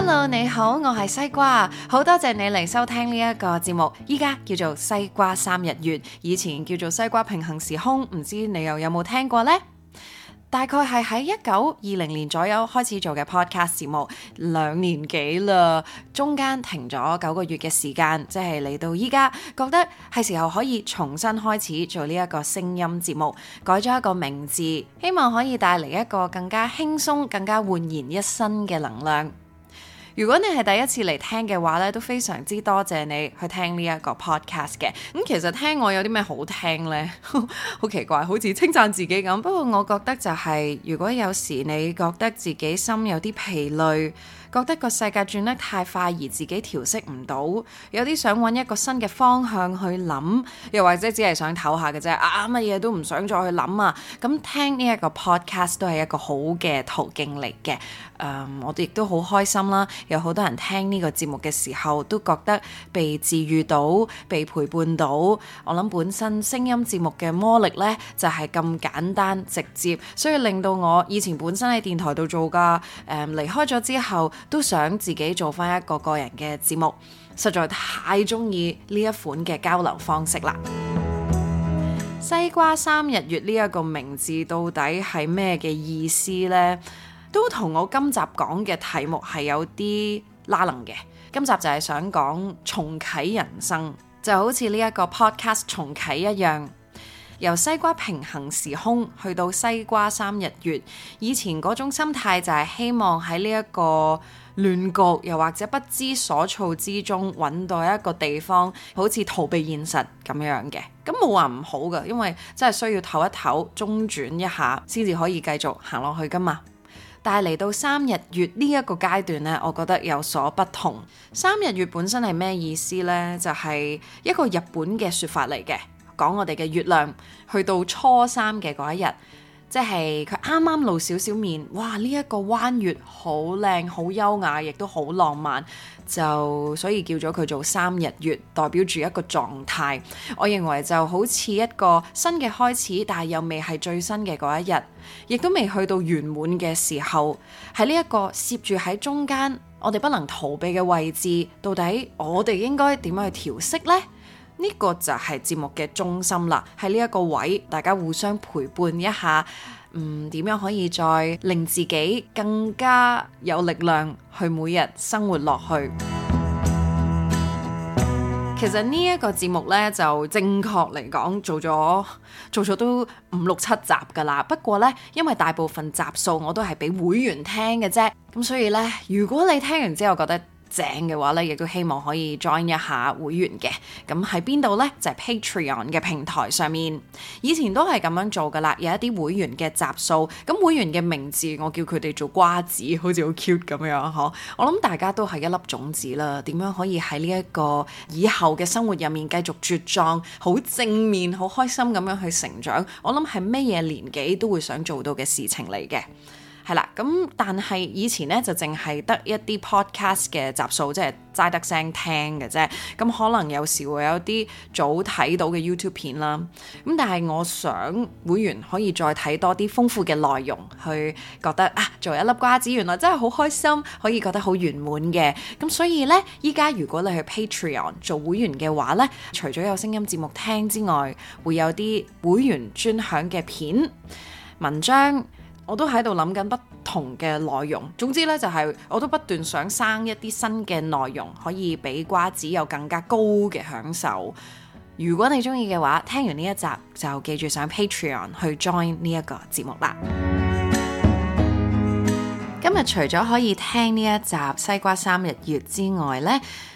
Hello，你好，我係西瓜，好多謝你嚟收聽呢一個節目，依家叫做西瓜三日月，以前叫做西瓜平衡時空，唔知你又有冇聽過呢？大概係喺一九二零年左右開始做嘅 Podcast 節目，兩年幾啦，中間停咗九個月嘅時間，即係嚟到依家，覺得係時候可以重新開始做呢一個聲音節目，改咗一個名字，希望可以帶嚟一個更加輕鬆、更加煥然一新嘅能量。如果你係第一次嚟聽嘅話咧，都非常之多謝你去聽呢一個 podcast 嘅。咁、嗯、其實聽我有啲咩好聽呢？ 好奇怪，好似稱讚自己咁。不過我覺得就係、是，如果有時你覺得自己心有啲疲累，覺得個世界轉得太快而自己調適唔到，有啲想揾一個新嘅方向去諗，又或者只係想唞下嘅啫。啊，乜嘢都唔想再去諗啊。咁聽呢一個 podcast 都係一個好嘅途徑嚟嘅。誒，um, 我哋亦都好開心啦！有好多人聽呢個節目嘅時候，都覺得被治愈到、被陪伴到。我諗本身聲音節目嘅魔力呢，就係、是、咁簡單直接，所以令到我以前本身喺電台度做㗎，誒，um, 離開咗之後，都想自己做返一個個人嘅節目。實在太鍾意呢一款嘅交流方式啦！西瓜三日月呢一個名字到底係咩嘅意思呢？都同我今集講嘅題目係有啲拉楞嘅。今集就係想講重啟人生，就好似呢一個 podcast 重啟一樣，由西瓜平衡時空去到西瓜三日月。以前嗰種心態就係希望喺呢一個亂局又或者不知所措之中，揾到一個地方，好似逃避現實咁樣嘅。咁冇話唔好噶，因為真係需要唞一唞，中轉一下先至可以繼續行落去噶嘛。但係嚟到三日月呢一個階段呢，我覺得有所不同。三日月本身係咩意思呢？就係一個日本嘅說法嚟嘅，講我哋嘅月亮去到初三嘅嗰一日。即係佢啱啱露少少面，哇！呢一個彎月好靚、好優雅，亦都好浪漫，就所以叫咗佢做三日月，代表住一個狀態。我認為就好似一個新嘅開始，但係又未係最新嘅嗰一日，亦都未去到圓滿嘅時候，喺呢一個攝住喺中間，我哋不能逃避嘅位置，到底我哋應該點樣去調適呢？呢個就係節目嘅中心啦，喺呢一個位，大家互相陪伴一下，嗯，點樣可以再令自己更加有力量去每日生活落去。 其實呢一個節目呢，就正確嚟講做咗做咗都五六七集㗎喇。不過呢，因為大部分集數我都係俾會員聽嘅啫，咁所以呢，如果你聽完之後覺得，正嘅話咧，亦都希望可以 join 一下會員嘅。咁喺邊度呢？就係 Patreon 嘅平台上面。以前都係咁樣做噶啦，有一啲會員嘅集數。咁會員嘅名字，我叫佢哋做瓜子，好似好 cute 咁樣呵。我諗大家都係一粒種子啦。點樣可以喺呢一個以後嘅生活入面繼續茁壯，好正面、好開心咁樣去成長？我諗係咩嘢年紀都會想做到嘅事情嚟嘅。係啦，咁但係以前咧就淨係得一啲 podcast 嘅集數，即係齋得聲聽嘅啫。咁、嗯、可能有時會有啲早睇到嘅 YouTube 片啦。咁、嗯、但係我想會員可以再睇多啲豐富嘅內容，去覺得啊，做一粒瓜子原來真係好開心，可以覺得好圓滿嘅。咁、嗯、所以呢，依家如果你去 Patreon 做會員嘅話呢，除咗有聲音節目聽之外，會有啲會員專享嘅片、文章。我都喺度諗緊不同嘅內容，總之呢，就係，我都不斷想生一啲新嘅內容，可以俾瓜子有更加高嘅享受。如果你中意嘅話，聽完呢一集就記住上 Patreon 去 join 呢一個節目啦。今日除咗可以聽呢一集《西瓜三日月》之外呢，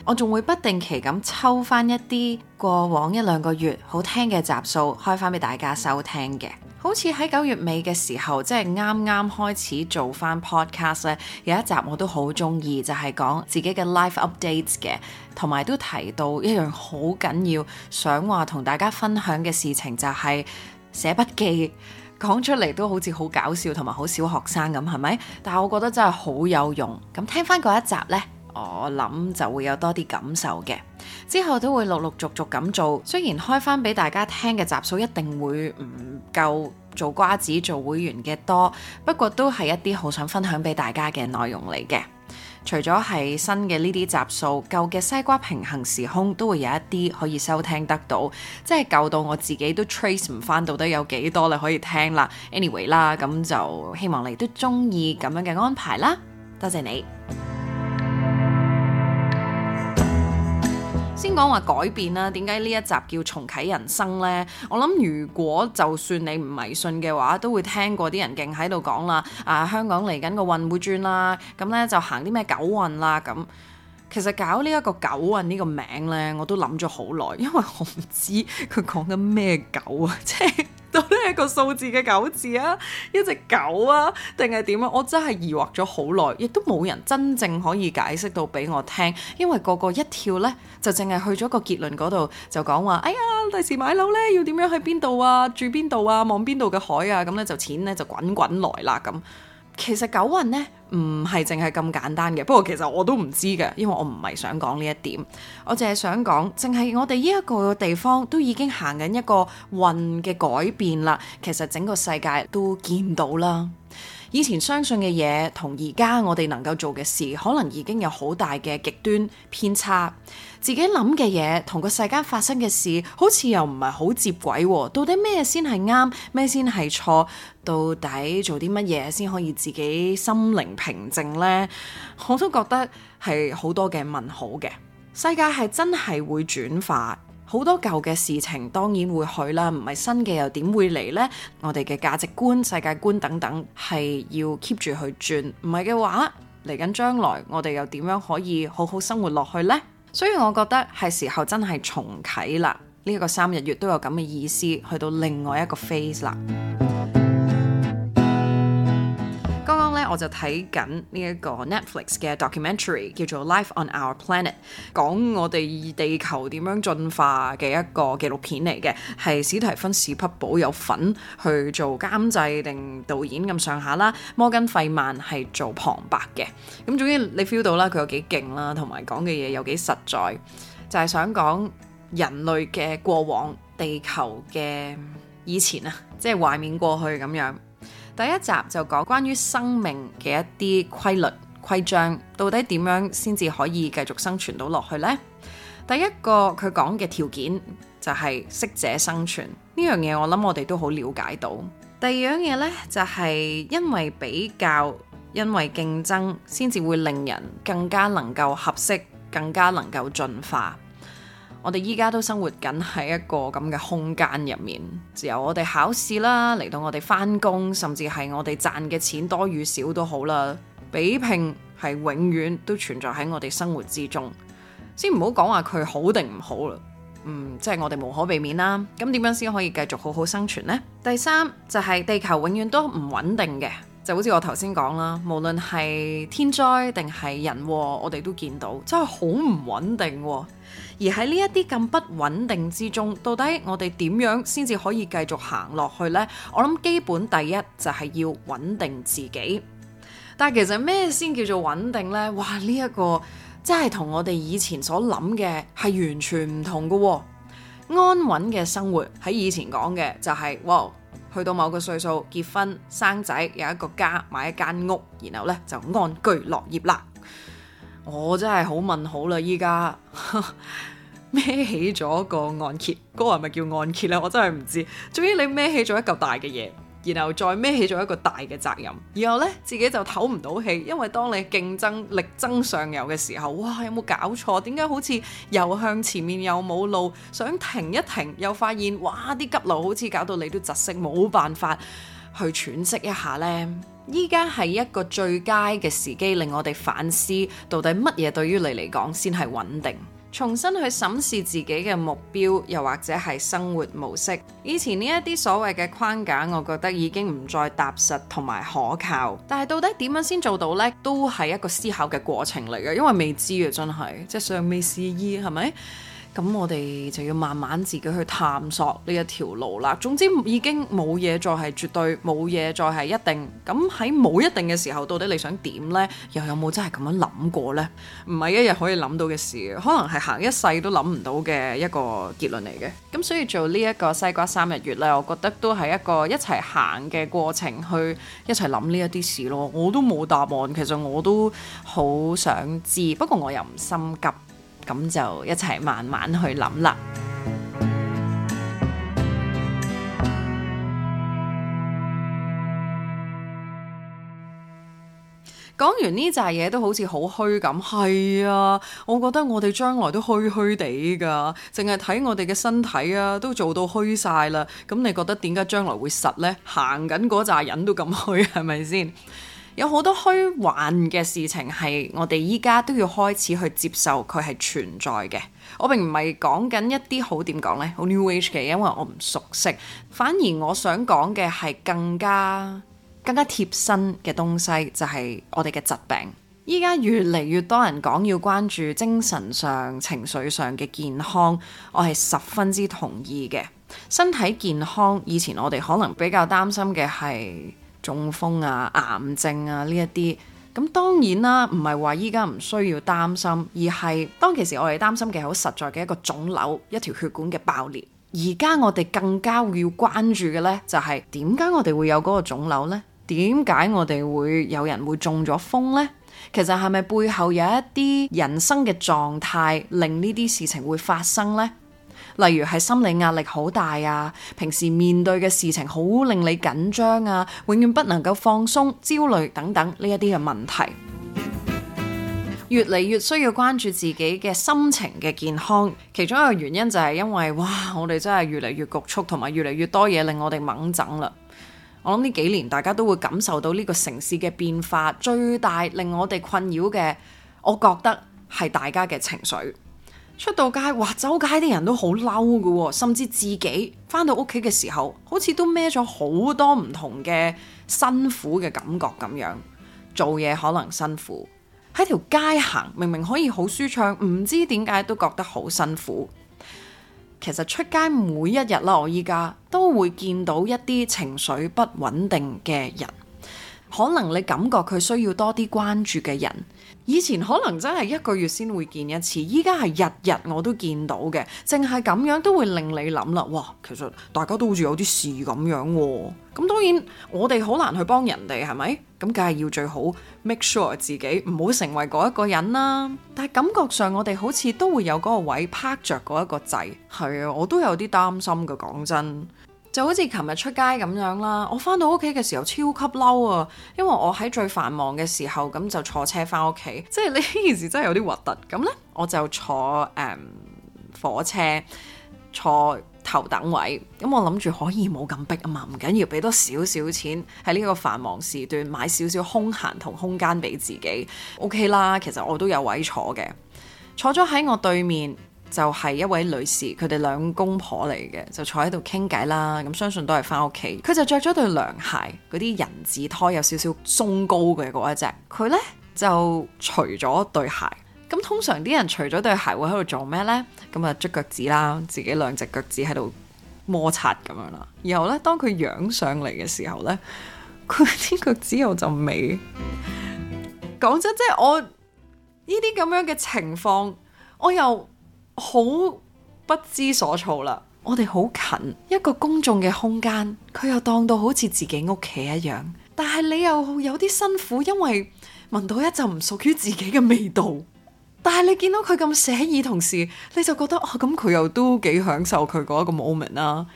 我仲會不定期咁抽翻一啲過往一兩個月好聽嘅集數，開翻俾大家收聽嘅。好似喺九月尾嘅時候，即係啱啱開始做翻 podcast 咧，有一集我都好中意，就係、是、講自己嘅 life updates 嘅，同埋都提到一樣好緊要，想話同大家分享嘅事情就係寫筆記，講出嚟都好似好搞笑同埋好小學生咁，係咪？但係我覺得真係好有用，咁聽翻嗰一集呢，我諗就會有多啲感受嘅。之後都會陸陸續續咁做，雖然開翻俾大家聽嘅集數一定會唔夠做瓜子做會員嘅多，不過都係一啲好想分享俾大家嘅內容嚟嘅。除咗係新嘅呢啲集數，舊嘅西瓜平衡時空都會有一啲可以收聽得到，即係舊到我自己都 trace 唔翻到底有幾多你可以聽啦。Anyway 啦，咁就希望你都中意咁樣嘅安排啦。多謝你。先講話改變啦，點解呢一集叫重啟人生呢？我諗如果就算你唔迷信嘅話，都會聽過啲人勁喺度講啦。啊，香港嚟緊個運會轉啦，咁呢就行啲咩狗運啦咁。其實搞呢一個狗運呢個名呢，我都諗咗好耐，因為我唔知佢講緊咩狗啊，即係。到底係一個數字嘅九字啊，一隻狗啊，定係點啊？我真係疑惑咗好耐，亦都冇人真正可以解釋到俾我聽，因為個個一跳呢，就淨係去咗個結論嗰度，就講話，哎呀，第時買樓呢，要點樣去邊度啊，住邊度啊，望邊度嘅海啊，咁呢，就錢呢，就滾滾來啦咁。其實九運呢唔係淨係咁簡單嘅，不過其實我都唔知嘅，因為我唔係想講呢一點，我淨係想講，淨係我哋呢一個地方都已經行緊一個運嘅改變啦，其實整個世界都見到啦。以前相信嘅嘢同而家我哋能夠做嘅事，可能已經有好大嘅極端偏差。自己諗嘅嘢同個世間發生嘅事，好似又唔係好接軌啊。到底咩先係啱，咩先係錯？到底做啲乜嘢先可以自己心靈平靜呢？我都覺得係好多嘅問號嘅。世界係真係會轉化。好多舊嘅事情當然會去啦，唔係新嘅又點會嚟呢？我哋嘅價值觀、世界觀等等係要 keep 住去轉，唔係嘅話嚟緊將來我哋又點樣可以好好生活落去呢？所以我覺得係時候真係重啟啦，呢個三日月都有咁嘅意思，去到另外一個 phase 啦。我就睇緊呢一個 Netflix 嘅 documentary，叫做《Life on Our Planet》，講我哋地球點樣進化嘅一個紀錄片嚟嘅，係史提芬史匹堡有份去做監製定導演咁上下啦，摩根費曼係做旁白嘅。咁總之你 feel 到啦，佢有幾勁啦，同埋講嘅嘢有幾實在，就係、是、想講人類嘅過往、地球嘅以前啊，即、就、係、是、懷緬過去咁樣。第一集就講關於生命嘅一啲規律、規章，到底點樣先至可以繼續生存到落去呢？第一個佢講嘅條件就係適者生存呢樣嘢，我諗我哋都好了解到。第二樣嘢呢，就係、是、因為比較，因為競爭，先至會令人更加能夠合適，更加能夠進化。我哋依家都生活緊喺一個咁嘅空間入面，由我哋考試啦，嚟到我哋翻工，甚至係我哋賺嘅錢多與少都好啦，比拼係永遠都存在喺我哋生活之中。先唔好講話佢好定唔好啦，嗯，即係我哋無可避免啦。咁點樣先可以繼續好好生存呢？第三就係地球永遠都唔穩定嘅。就好似我頭先講啦，無論係天災定係人禍，我哋都見到真係好唔穩定，哦。而喺呢一啲咁不穩定之中，到底我哋點樣先至可以繼續行落去呢？我諗基本第一就係、是、要穩定自己。但係其實咩先叫做穩定呢？哇！呢、這、一個真係同我哋以前所諗嘅係完全唔同噶、哦。安穩嘅生活喺以前講嘅就係、是、哇。去到某個歲數，結婚、生仔、有一個家、買一間屋，然後呢，就安居樂業啦。我真係好問好啦，依家孭起咗個按揭，嗰、那個係咪叫按揭呢？我真係唔知。總之你孭起咗一嚿大嘅嘢。然後再孭起咗一個大嘅責任，然後呢，自己就唞唔到氣，因為當你競爭力爭上游嘅時候，哇，有冇搞錯？點解好似又向前面又冇路？想停一停，又發現哇，啲急流好似搞到你都窒息，冇辦法去喘息一下呢？依家係一個最佳嘅時機，令我哋反思到底乜嘢對於你嚟講先係穩定。重新去審視自己嘅目標，又或者係生活模式。以前呢一啲所謂嘅框架，我覺得已經唔再踏實同埋可靠。但係到底點樣先做到呢？都係一個思考嘅過程嚟嘅，因為未知啊，真係即係尚未試衣，係咪？咁我哋就要慢慢自己去探索呢一條路啦。總之已經冇嘢再係絕對，冇嘢再係一定。咁喺冇一定嘅時候，到底你想點呢？又有冇真係咁樣諗過呢？唔係一日可以諗到嘅事，可能係行一世都諗唔到嘅一個結論嚟嘅。咁所以做呢一個西瓜三日月呢，我覺得都係一個一齊行嘅過程，去一齊諗呢一啲事咯。我都冇答案，其實我都好想知，不過我又唔心急。咁就一齊慢慢去諗啦。講完呢扎嘢，都好似好虛咁，係啊，我覺得我哋將來都虛虛地噶，淨係睇我哋嘅身體啊，都做到虛晒啦。咁你覺得點解將來會實呢？行緊嗰扎人都咁虛，係咪先？有好多虛幻嘅事情係我哋依家都要開始去接受佢係存在嘅。我並唔係講緊一啲好，點講呢，好 new age 嘅，因為我唔熟悉。反而我想講嘅係更加更加貼身嘅東西，就係我哋嘅疾病。依家越嚟越多人講要關注精神上、情緒上嘅健康，我係十分之同意嘅。身體健康，以前我哋可能比較擔心嘅係，中風啊、癌症啊呢一啲，咁當然啦，唔係話依家唔需要擔心，而係當其時我哋擔心嘅好實在嘅一個腫瘤、一條血管嘅爆裂。而家我哋更加要關注嘅呢，就係點解我哋會有嗰個腫瘤呢？點解我哋會有人會中咗風呢？其實係咪背後有一啲人生嘅狀態，令呢啲事情會發生呢？例如係心理壓力好大啊，平時面對嘅事情好令你緊張啊，永遠不能夠放鬆、焦慮等等呢一啲嘅問題， 越嚟越需要關注自己嘅心情嘅健康。其中一個原因就係因為哇，我哋真係越嚟越局促，同埋越嚟越多嘢令我哋掹整啦。我諗呢幾年大家都會感受到呢個城市嘅變化，最大令我哋困擾嘅，我覺得係大家嘅情緒。出到街，哇！周街啲人都好嬲㗎喎，甚至自己翻到屋企嘅時候，好似都孭咗好多唔同嘅辛苦嘅感覺咁樣。做嘢可能辛苦，喺條街行明明可以好舒暢，唔知點解都覺得好辛苦。其實出街每一日啦，我依家都會見到一啲情緒不穩定嘅人，可能你感覺佢需要多啲關注嘅人。以前可能真係一個月先會見一次，依家係日日我都見到嘅，淨係咁樣都會令你諗啦，哇！其實大家都好似有啲事咁樣喎、哦。咁當然我哋好難去幫人哋，係咪？咁梗係要最好 make sure 自己唔好成為嗰一個人啦。但係感覺上我哋好似都會有嗰個位拍着嗰一個掣，係啊，我都有啲擔心嘅，講真。就好似琴日出街咁樣啦，我翻到屋企嘅時候超級嬲啊！因為我喺最繁忙嘅時候咁就坐車翻屋企，即係呢件事真係有啲核突。咁呢，我就坐誒、嗯、火車坐頭等位，咁我諗住可以冇咁逼啊嘛，唔緊要俾多少少錢喺呢個繁忙時段買少少空閒同空間俾自己。OK 啦，其實我都有位坐嘅，坐咗喺我對面。就係一位女士，佢哋，兩公婆嚟嘅，就坐喺度傾偈啦。咁、嗯、相信都係翻屋企，佢就着咗對涼鞋，嗰啲人字拖有少少鬆高嘅嗰一隻。佢呢，就除咗對鞋，咁通常啲人除咗對鞋會喺度做咩呢？咁啊，捽腳趾啦，自己兩隻腳趾喺度摩擦咁樣啦。然後呢，當佢仰上嚟嘅時候呢，佢啲腳趾有陣味。講真，即係我呢啲咁樣嘅情況，我又。好不知所措啦。我哋好近一個公眾嘅空間，佢又當到好似自己屋企一樣，但係你又有啲辛苦，因為聞到一陣唔屬於自己嘅味道。但係你見到佢咁寫意，同時你就覺得哦，咁佢又都幾享受佢嗰一個 moment 啦、啊。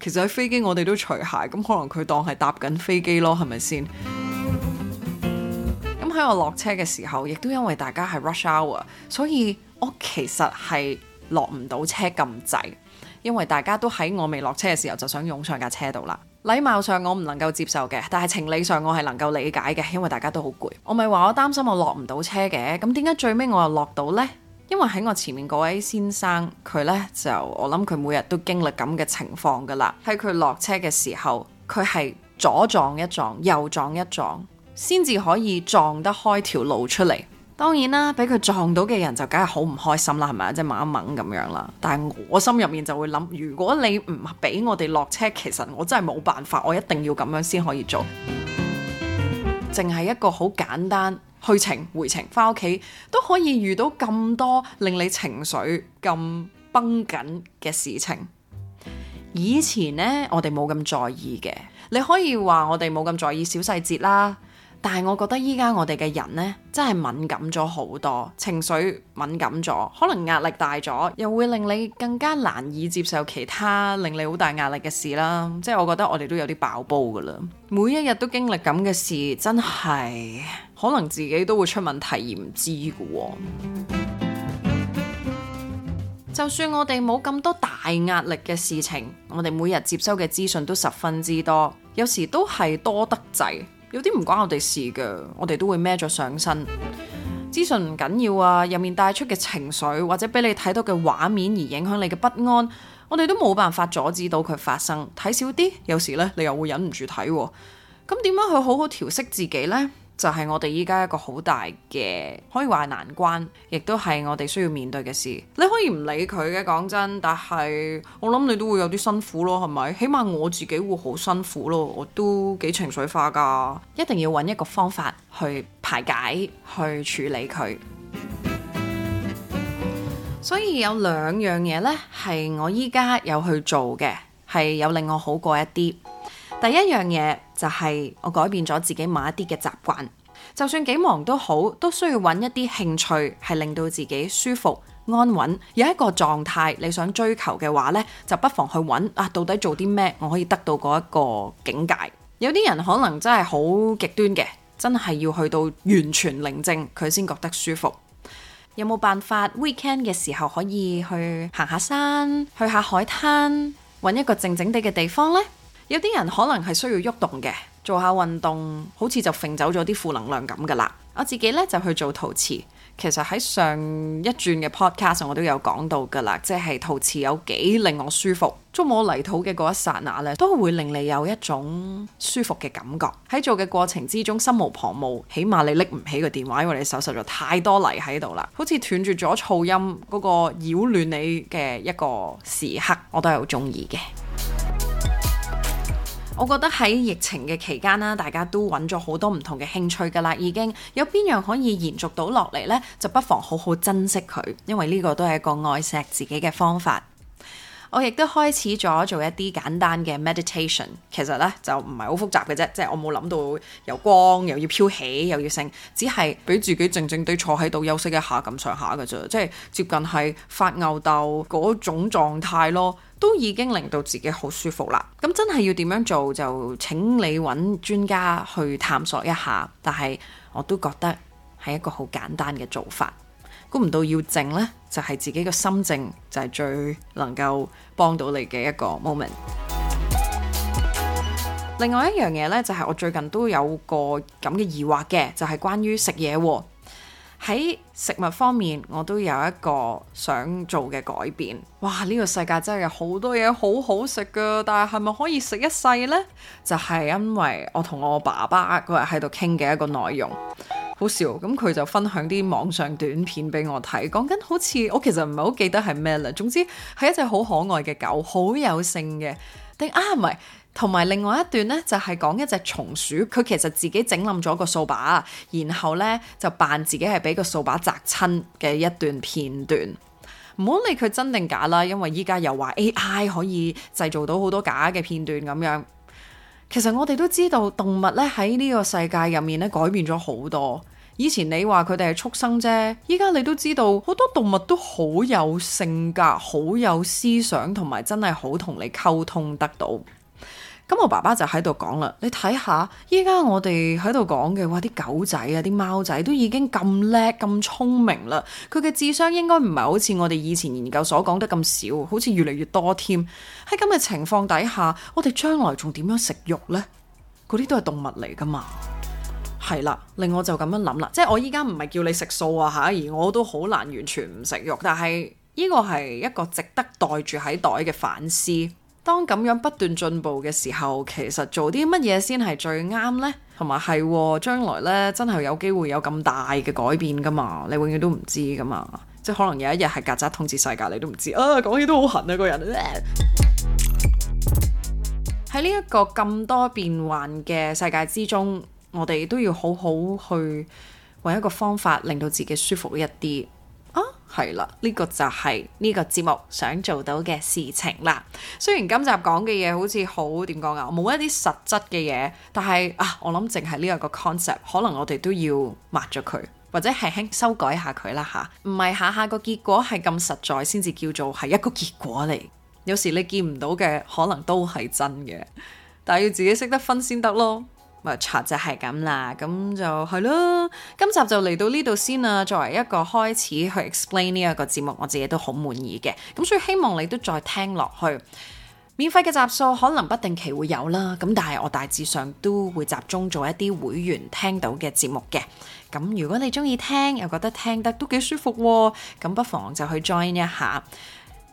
其實喺飛機我哋都除鞋，咁可能佢當係搭緊飛機咯，係咪先？喺我落車嘅時候，亦都因為大家係 rush hour，所以我其實係落唔到車咁滯，因為大家都喺我未落車嘅時候就想湧上架車度啦。禮貌上我唔能夠接受嘅，但係情理上我係能夠理解嘅，因為大家都好攰。我咪話我擔心我落唔到車嘅，咁點解最尾我又落到呢？因為喺我前面嗰位先生，佢呢就我諗佢每日都經歷咁嘅情況噶啦。喺佢落車嘅時候，佢係左撞一撞，右撞一撞。先至可以撞得開條路出嚟。當然啦，俾佢撞到嘅人就梗係好唔開心啦，係咪啊？即係掹掹咁樣啦。但係我心入面就會諗，如果你唔俾我哋落車，其實我真係冇辦法，我一定要咁樣先可以做。淨係 一個好簡單去程回程翻屋企都可以遇到咁多令你情緒咁繃緊嘅事情。以前呢，我哋冇咁在意嘅，你可以話我哋冇咁在意小細節啦。但係我覺得依家我哋嘅人呢，真係敏感咗好多，情緒敏感咗，可能壓力大咗，又會令你更加難以接受其他令你好大壓力嘅事啦。即係我覺得我哋都有啲爆煲噶啦，每一日都經歷咁嘅事，真係可能自己都會出問題而唔知噶喎。 就算我哋冇咁多大壓力嘅事情，我哋每日接收嘅資訊都十分之多，有時都係多得滯。有啲唔關我哋事嘅，我哋都會孭咗上身。資訊唔緊要啊，入面帶出嘅情緒或者俾你睇到嘅畫面而影響你嘅不安，我哋都冇辦法阻止到佢發生。睇少啲，有時呢，你又會忍唔住睇喎。咁點樣去好好調息自己呢？就係我哋依家一個好大嘅，可以話係難關，亦都係我哋需要面對嘅事。你可以唔理佢嘅，講真，但係我諗你都會有啲辛苦咯，係咪？起碼我自己會好辛苦咯，我都幾情緒化噶，一定要揾一個方法去排解、去處理佢。所以有兩樣嘢呢，係我依家有去做嘅，係有令我好過一啲。第一樣嘢就係、是、我改變咗自己某一啲嘅習慣，就算幾忙都好，都需要揾一啲興趣係令到自己舒服安穩，有一個狀態你想追求嘅話呢，就不妨去揾啊，到底做啲咩我可以得到嗰一個境界？有啲人可能真係好極端嘅，真係要去到完全寧靜佢先覺得舒服。有冇辦法 weekend 嘅時候可以去行下山，去下海灘，揾一個靜靜地嘅地方呢？有啲人可能係需要喐動嘅，做下運動，好似就揈走咗啲負能量咁噶啦。我自己呢，就去做陶瓷，其實喺上一轉嘅 podcast 我都有講到噶啦，即係陶瓷有幾令我舒服。捉摸泥土嘅嗰一剎那呢，都會令你有一種舒服嘅感覺。喺做嘅過程之中，心無旁騖，起碼你拎唔起個電話，因為你手實咗太多泥喺度啦，好似斷住咗噪音嗰個擾亂你嘅一個時刻，我都係好中意嘅。我覺得喺疫情嘅期間啦，大家都揾咗好多唔同嘅興趣噶啦，已經有邊樣可以延續到落嚟呢？就不妨好好珍惜佢，因為呢個都係一個愛錫自己嘅方法。我亦都開始咗做一啲簡單嘅 meditation，其實呢就唔係好複雜嘅啫，即係我冇諗到有光，又要飄起，又要升，只係俾自己靜靜地坐喺度休息一下咁上下嘅啫，即係接近係發吽哣嗰種狀態咯。都已經令到自己好舒服啦，咁真係要點樣做就請你揾專家去探索一下，但係我都覺得係一個好簡單嘅做法。估唔到要靜呢，就係自己嘅心靜就係最能夠幫到你嘅一個 moment。另外一樣嘢呢，就係我最近都有個咁嘅疑惑嘅，就係關於食嘢。喺食物方面，我都有一個想做嘅改變。哇！呢個世界真係有好多嘢好好食嘅，但係係咪可以食一世呢？就係因為我同我爸爸嗰日喺度傾嘅一個內容，好笑，咁佢就分享啲網上短片俾我睇，講緊好似我其實唔係好記得係咩啦。總之係一隻好可愛嘅狗，好有性嘅，定啊唔係。同埋另外一段呢，就係講一隻松鼠，佢其實自己整冧咗個掃把，然後呢就扮自己係俾個掃把砸親嘅一段片段。唔好理佢真定假啦，因為依家又話 AI 可以製造到好多假嘅片段咁樣。其實我哋都知道動物呢喺呢個世界入面咧改變咗好多。以前你話佢哋係畜生啫，依家你都知道好多動物都好有性格，好有思想，同埋真係好同你溝通得到。咁我爸爸就喺度講啦，你睇下，依家我哋喺度講嘅，哇，啲狗仔啊，啲貓仔都已經咁叻咁聰明啦，佢嘅智商應該唔係好似我哋以前研究所講得咁少，好似越嚟越多添。喺咁嘅情況底下，我哋將來仲點樣食肉呢？嗰啲都係動物嚟噶嘛。係啦，令我就咁樣諗啦，即係我依家唔係叫你食素啊吓，而我都好難完全唔食肉，但係呢個係一個值得袋住喺袋嘅反思。當咁樣不斷進步嘅時候，其實做啲乜嘢先係最啱呢？同埋係將來呢真係有機會有咁大嘅改變噶嘛？你永遠都唔知噶嘛，即係可能有一日係曱甴統治世界，你都唔知。啊，講起都好痕啊！個人喺呢一個咁多變幻嘅世界之中，我哋都要好好去揾一個方法，令到自己舒服一啲。係啦，呢個就係呢個節目想做到嘅事情啦。雖然今集講嘅嘢，好似好點講啊，我冇一啲實質嘅嘢，但係啊，我諗淨係呢一個 concept，可能我哋都要抹咗佢，或者輕輕修改下佢啦吓。唔係下下個結果係咁實在先至叫做係一個結果嚟。有時你見唔到嘅可能都係真嘅，但係要自己識得分先得咯。咪就係咁啦，咁就係咯。今集就嚟到呢度先啦。作為一個開始去 explain 呢一個節目，我自己都好滿意嘅。咁所以希望你都再聽落去。免費嘅集數可能不定期會有啦，咁但係我大致上都會集中做一啲會員聽到嘅節目嘅。咁如果你鍾意聽又覺得聽得都幾舒服，咁不妨就去 join 一下。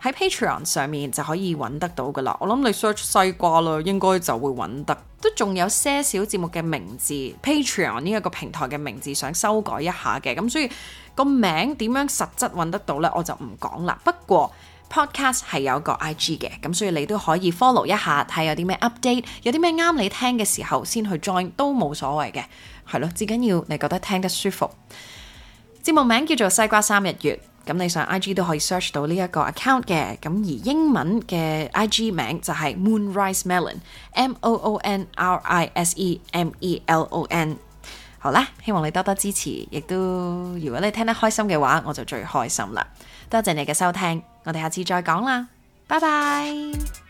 喺 Patreon 上面就可以揾得到噶啦，我諗你 search 西瓜啦，應該就會揾得。都仲有些小節目嘅名字，Patreon 呢一個平台嘅名字想修改一下嘅，咁所以個名點樣實質揾得到呢？我就唔講啦。不過 Podcast 係有個 IG 嘅，咁所以你都可以 follow 一下，睇有啲咩 update，有啲咩啱你聽嘅時候先去 join 都冇所謂嘅。係咯，至緊要你覺得聽得舒服。節目名叫做《西瓜三日月》。咁你上 IG 都可以 search 到呢一個 account 嘅，咁而英文嘅 IG 名就係 Moonrise Melon，M O O N R I S E M E L O N。R I S E M E L O N. 好啦，希望你多多支持，亦都如果你聽得開心嘅話，我就最開心啦。多謝你嘅收聽，我哋下次再講啦，拜拜。